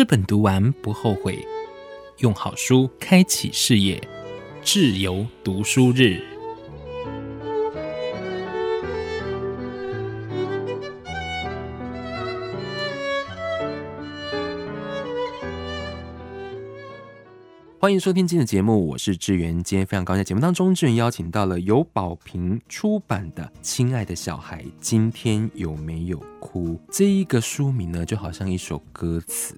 日本讀完不後悔，用好書開啟事業，智由讀書日。歡迎收聽今天的節目，我是志遠。今天非常高興，在節目當中，志遠邀請到了由寶瓶出版的《親愛的小孩》，今天有沒有？哭這一個書名呢，就好像一首歌詞。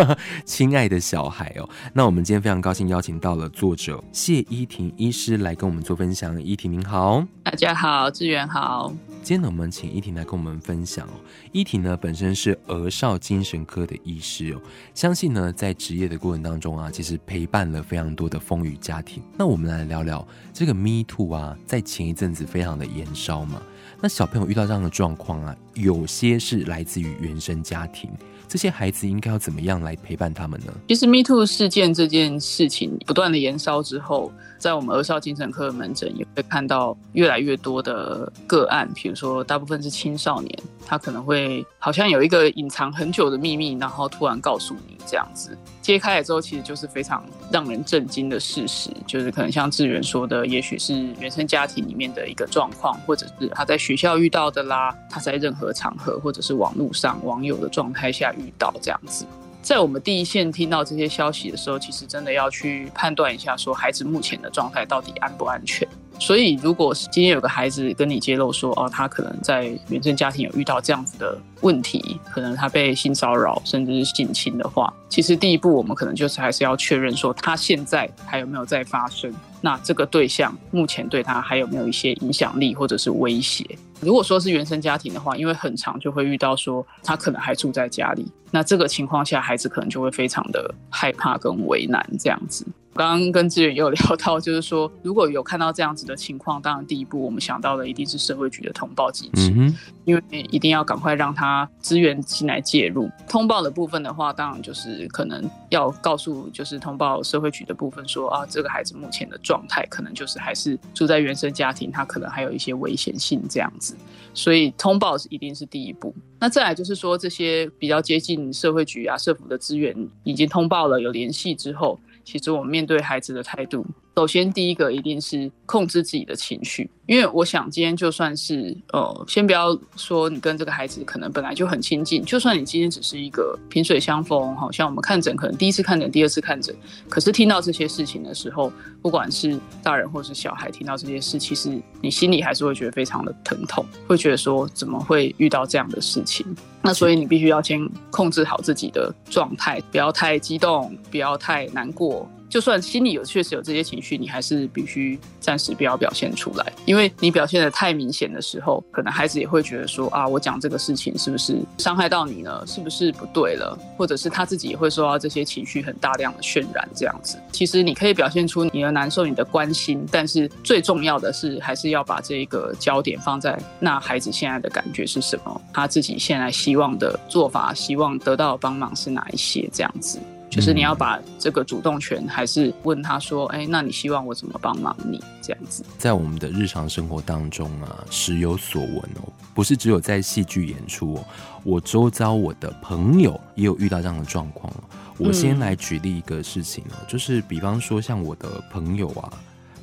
親愛的小孩哦，那我們今天非常高興邀請到了作者謝依婷醫師來跟我們做分享。依婷您好，大家好，志遠好。今天呢，我們請依婷來跟我們分享哦。依婷呢，本身是兒少精神科的醫師哦，相信呢，在職業的過程當中啊，其實陪伴了非常多的風雨家庭。那我們來聊聊這個 Me Too 啊，在前一陣子非常的延燒嘛。那小朋友遇到這樣的狀況啊，有些是來自於原生家庭，這些孩子應該要怎麼樣來陪伴他們呢？其實 MeToo 事件這件事情不斷的延燒之後，在我們兒少精神科的門診也會看到越來越多的個案，比如說大部分是青少年。他可能會好像有一個隱藏很久的秘密，然後突然告訴你這樣子，揭開了之後其實就是非常讓人震驚的事實，就是可能像志源說的，也許是原生家庭裡面的一個狀況，或者是他在學校遇到的啦，他在任何場合或者是網絡上網友的狀態下遇到這樣子，在我們第一線聽到這些消息的時候，其實真的要去判斷一下，說孩子目前的狀態到底安不安全。所以，如果今天有個孩子跟你揭露說，哦，他可能在原生家庭有遇到這樣子的問題，可能他被性騷擾甚至是性侵的話，其實第一步我們可能就是還是要確認說，他現在還有沒有在發生？那這個對象目前對他還有沒有一些影響力或者是威脅？如果說是原生家庭的話，因為很常就會遇到說，他可能還住在家裡，那這個情況下，孩子可能就會非常的害怕跟為難這樣子。剛剛跟志遠也有聊到，就是說如果有看到這樣子的情況，當然第一步我們想到的一定是社會局的通報機制。嗯，因為一定要趕快讓他資源進來介入。通報的部分的話，當然就是可能要告訴，就是通報社會局的部分說啊，這個孩子目前的狀態可能就是還是住在原生家庭，他可能還有一些危險性這樣子，所以通報是一定是第一步。那再來就是說，這些比較接近社會局啊、社福的資源已經通報了，有聯繫之後。其實，我面對孩子的態度。首先，第一個一定是控制自己的情緒，因為我想今天就算是呃，先不要說你跟這個孩子可能本來就很親近，就算你今天只是一個萍水相逢，好像我們看診可能第一次看診、第二次看診，可是聽到這些事情的時候，不管是大人或是小孩，聽到這些事，其實你心裡還是會覺得非常的疼痛，會覺得說怎麼會遇到這樣的事情？那所以你必須要先控制好自己的狀態，不要太激動，不要太難過。就算心裡有確實有這些情緒，你還是必須暫時不要表現出來，因為你表現得太明顯的時候，可能孩子也會覺得說啊，我講這個事情是不是傷害到你呢？是不是不對了？或者是他自己也會受到這些情緒很大量的渲染這樣子。其實你可以表現出你的難受、你的關心，但是最重要的是，還是要把這個焦點放在那孩子現在的感覺是什麼，他自己現在希望的做法、希望得到的幫忙是哪一些這樣子。就是你要把這個主動權，還是問他說：“嗯，哎，那你希望我怎麼幫忙你？”這樣子。在我們的日常生活當中啊，時有所聞哦，不是只有在戲劇演出哦。我周遭我的朋友也有遇到這樣的狀況哦。我先來舉例一個事情哦，嗯，就是比方說像我的朋友啊，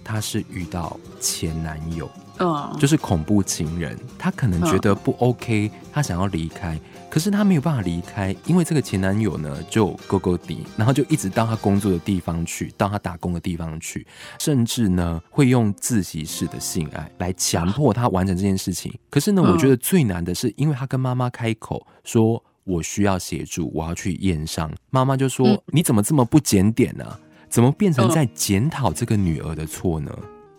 他是遇到前男友，嗯，就是恐怖情人，他可能覺得不 OK，嗯，他想要離開。可是她沒有辦法離開，因為這個前男友呢，就勾勾底，然後就一直到她工作的地方去，到她打工的地方去，甚至呢會用自習室的性愛來強迫她完成這件事情。可是呢，嗯、我覺得最難的是，因為她跟媽媽開口說：“我需要協助，我要去驗傷。”媽媽就說、嗯：“你怎麼這麼不檢點呢、啊？怎麼變成在檢討這個女兒的錯呢？”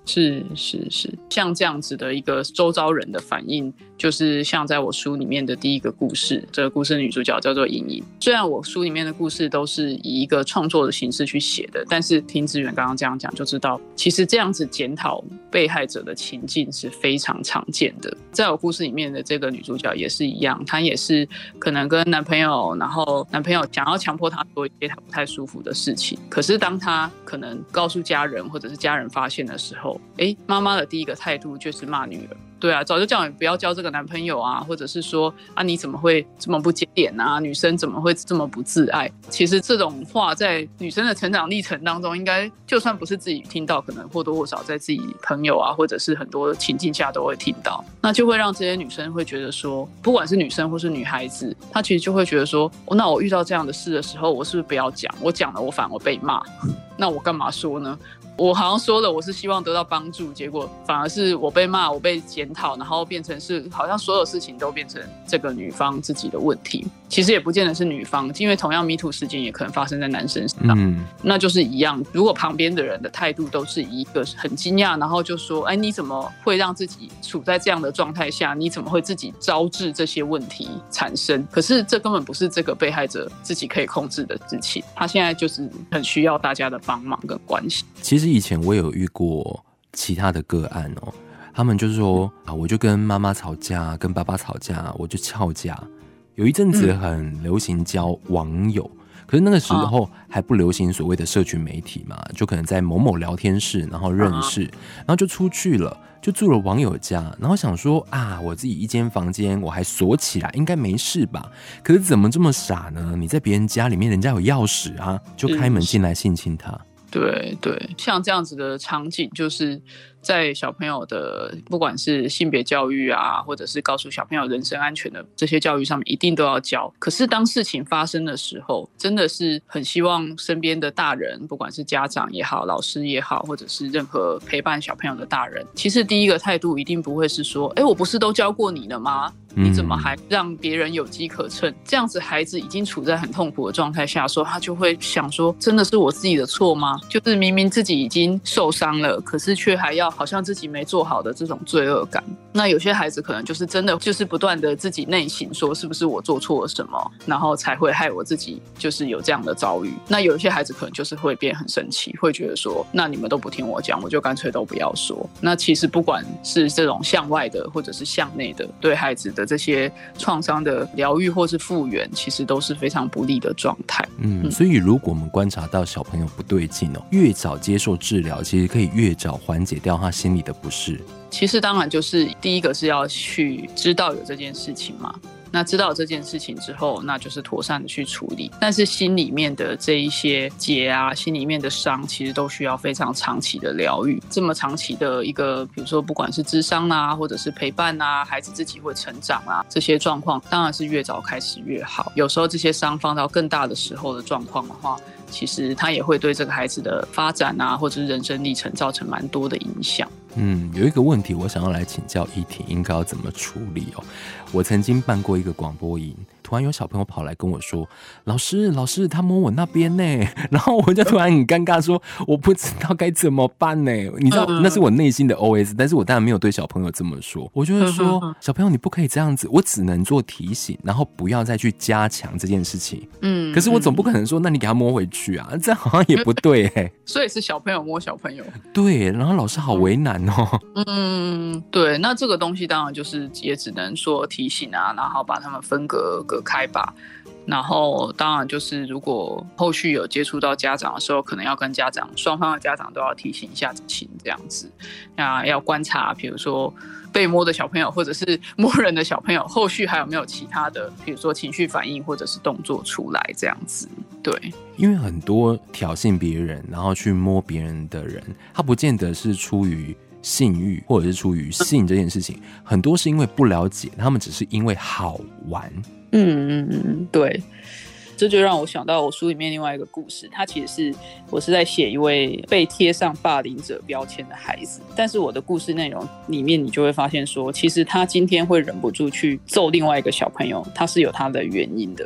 是是是，像這樣子的一個周遭人的反應，就是像在我書裡面的第一個故事。這個故事女主角叫做瑩瑩。雖然我書裡面的故事都是以一個創作的形式去寫的，但是聽志遠剛剛這樣講，就知道其實這樣子檢討被害者的情境是非常常見的。在我故事裡面的這個女主角也是一樣，她也是可能跟男朋友，然後男朋友想要強迫她做一些她不太舒服的事情。可是當她可能告訴家人，或者是家人發現的時候，欸，媽媽的第一個態度就是罵女兒。對啊，早就叫你不要交這個男朋友啊，或者是說啊，你怎麼會這麼不檢點啊？女生怎麼會這麼不自愛？其實這種話在女生的成長歷程當中，應該就算不是自己聽到，可能或多或少在自己朋友啊，或者是很多情境下都會聽到。那就會讓這些女生會覺得說，不管是女生或是女孩子，她其實就會覺得說，哦，那我遇到這樣的事的時候，我是不是不要講？我講了，我反而被罵，那我干嘛說呢？我好像說了，我是希望得到幫助，結果反而是我被罵，我被檢討，然後變成是好像所有事情都變成這個女方自己的問題。其實也不見得是女方，因為同樣 ME TOO 事件也可能發生在男生身上。嗯，那就是一樣。如果旁邊的人的態度都是一個很驚訝，然後就說：“哎，你怎麼會讓自己處在這樣的狀態下？你怎麼會自己招致這些問題產生？”可是這根本不是這個被害者自己可以控制的事情。他現在就是很需要大家的幫忙跟關心。其實。以前我也有遇過其他的個案哦，他們就是說啊，我就跟媽媽吵架，跟爸爸吵架，我就翹家。有一陣子很流行交網友、嗯，可是那個時候還不流行所謂的社群媒體嘛，啊、就可能在某某聊天室，然後認識啊啊，然後就出去了，就住了網友家，然後想說啊，我自己一間房間，我還鎖起來，應該沒事吧？可是怎麼這麼傻呢？你在別人家裡面，人家有鑰匙啊，就開門進來性侵他。嗯對對，像這樣子的場景，就是在小朋友的不管是性別教育啊，或者是告訴小朋友人身安全的這些教育上面，一定都要教。可是當事情發生的時候，真的是很希望身邊的大人，不管是家長也好，老師也好，或者是任何陪伴小朋友的大人，其實第一個態度一定不會是說，誒，我不是都教過你了嗎？你怎麼還讓別人有機可乘？這樣子，孩子已經處在很痛苦的狀態下，說他就會想說，真的是我自己的錯嗎？就是明明自己已經受傷了，可是卻還要好像自己沒做好的這種罪惡感。那有些孩子可能就是真的，就是不斷的自己內心說，是不是我做錯了什麼，然後才會害我自己，就是有這樣的遭遇。那有些孩子可能就是會變很生氣，會覺得說，那你們都不聽我講，我就乾脆都不要說。那其實不管是這種向外的，或者是向內的，對孩子的。這些創傷的療癒或是復原，其實都是非常不利的狀態。嗯，所以如果我們觀察到小朋友不對勁哦，越早接受治療，其實可以越早緩解掉他心裡的不適。其實當然就是第一個是要去知道有這件事情嘛。那知道這件事情之後，那就是妥善的去處理。但是心裡面的這一些結啊，心裡面的傷，其實都需要非常長期的療癒。這麼長期的一個，比如說不管是諮商啊，或者是陪伴啊，孩子自己會成長啊，這些狀況當然是越早開始越好。有時候這些傷放到更大的時候的狀況的話，其實他也會對這個孩子的發展啊，或者是人生歷程造成蠻多的影響。嗯，有一個問題，我想要來請教依婷，應該要怎麼處理哦？我曾經辦過一個廣播營，突然有小朋友跑來跟我說：“老師，老師，他摸我那邊呢。”然後我就突然很尷尬，說：“我不知道該怎麼辦呢。”你知道、嗯，那是我內心的 OS，但是我當然沒有對小朋友這麼說，我就會說：“小朋友，你不可以這樣子。”我只能做提醒，然後不要再去加強這件事情。嗯，可是我總不可能說：“嗯、那你給他摸回去。”啊，這樣好像也不對，欸， 所以是小朋友摸小朋友，對，然後老師好為難哦，嗯。嗯，對，那這個東西當然就是也只能說提醒啊，然後把他們分隔隔開吧。然後當然就是如果後續有接觸到家長的時候，可能要跟家長雙方的家長都要提醒一下，情這樣子。那要觀察，比如說被摸的小朋友或者是摸人的小朋友，後續還有沒有其他的，比如說情緒反應或者是動作出來這樣子。對，因為很多挑釁別人，然後去摸別人的人，他不見得是出於性欲，或者是出於性這件事情，嗯、很多是因為不了解，他們只是因為好玩。嗯嗯嗯，對，這就讓我想到我書裡面另外一個故事，他其實是我是在寫一位被貼上霸凌者標籤的孩子，但是我的故事內容裡面，你就會發現說，其實他今天會忍不住去揍另外一個小朋友，他是有他的原因的。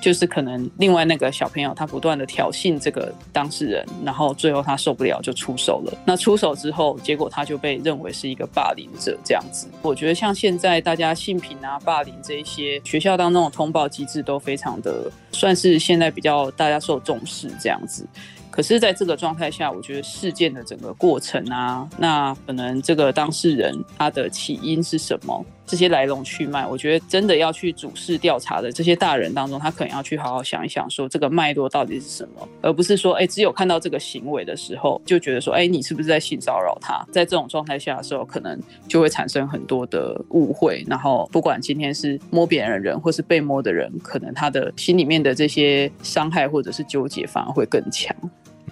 就是可能另外那個小朋友，他不斷的挑釁這個當事人，然後最後他受不了就出手了。那出手之後，結果他就被認為是一個霸凌者這樣子。我覺得像現在大家性平啊、霸凌這些學校當中的通報機制都非常的，算是現在比較大家受重視這樣子。可是，在這個狀態下，我覺得事件的整個過程啊，那可能這個當事人他的起因是什麼？這些來龍去脈，我覺得真的要去主事調查的這些大人當中，他可能要去好好想一想，說這個脈絡到底是什麼，而不是說，哎、欸，只有看到這個行為的時候，就覺得說，哎、欸，你是不是在性騷擾他？在這種狀態下的時候，可能就會產生很多的誤會，然後不管今天是摸別人的人，或是被摸的人，可能他的心裡面的這些傷害或者是糾結反而會更強。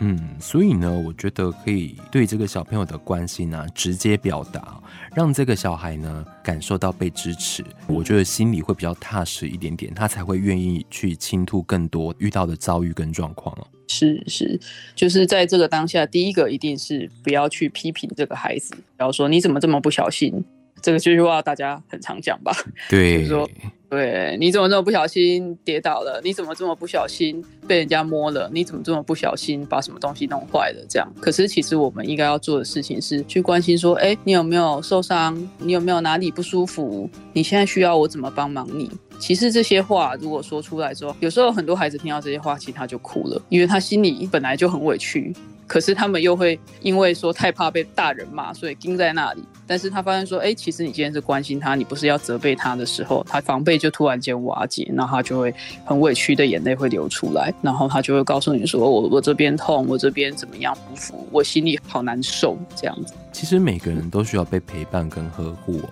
嗯，所以呢，我覺得可以對這個小朋友的關心呢、啊、直接表達，讓這個小孩呢感受到被支持，我覺得心裡會比較踏實一點點，他才會願意去傾吐更多遇到的遭遇跟狀況。是是，就是在這個當下，第一個一定是不要去批評這個孩子，比方說你怎麼這麼不小心，這個這句話大家很常講吧？對，就是、說。對，你怎麼這麼不小心跌倒了？你怎麼這麼不小心被人家摸了？你怎麼這麼不小心把什麼東西弄壞了？這樣，可是其實我們應該要做的事情是去關心，說，哎，你有沒有受傷？你有沒有哪裡不舒服？你現在需要我怎麼幫忙你？其實這些話如果說出來之後，有時候很多孩子聽到這些話，其實他就哭了，因為他心裡本來就很委屈。可是他們又會因為說太怕被大人罵，所以撐在那裡。但是他發現說，欸，其實你今天是關心他，你不是要責備他的時候，他防備就突然間瓦解，然後他就會很委屈的眼淚會流出來，然後他就會告訴你說，我我這邊痛，我這邊怎麼樣不服，我心裡好難受這樣子。其實每個人都需要被陪伴跟呵護哦。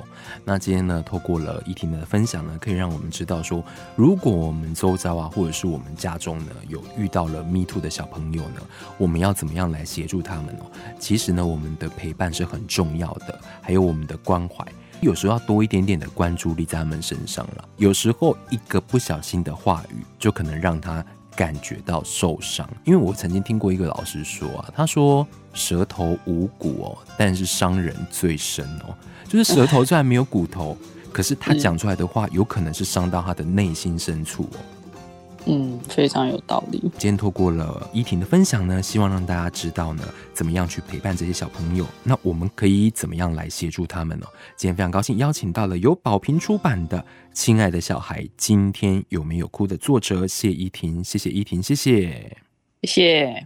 那今天呢，透過了依婷的分享呢，可以讓我們知道說，如果我們周遭啊，或者是我們家中呢，有遇到了 ME TOO 的小朋友呢，我們要怎麼樣來協助他們哦？其實呢，我們的陪伴是很重要的，還有我們的關懷，有時候要多一點點的關注力在他們身上了。有時候一個不小心的話語，就可能讓他。感覺到受傷，因為我曾經聽過一個老師說啊，他說舌頭無骨哦，但是傷人最深哦，就是舌頭雖然沒有骨頭，可是他講出來的話、嗯、有可能是傷到他的內心深處哦。嗯，非常有道理。今天透過了依婷的分享呢，希望讓大家知道呢，怎麼樣去陪伴這些小朋友。那我們可以怎麼樣來協助他們呢、哦？今天非常高興邀請到了由寶瓶出版的《親愛的小孩，今天有沒有哭》的作者謝依婷，謝謝依婷，謝謝，謝謝。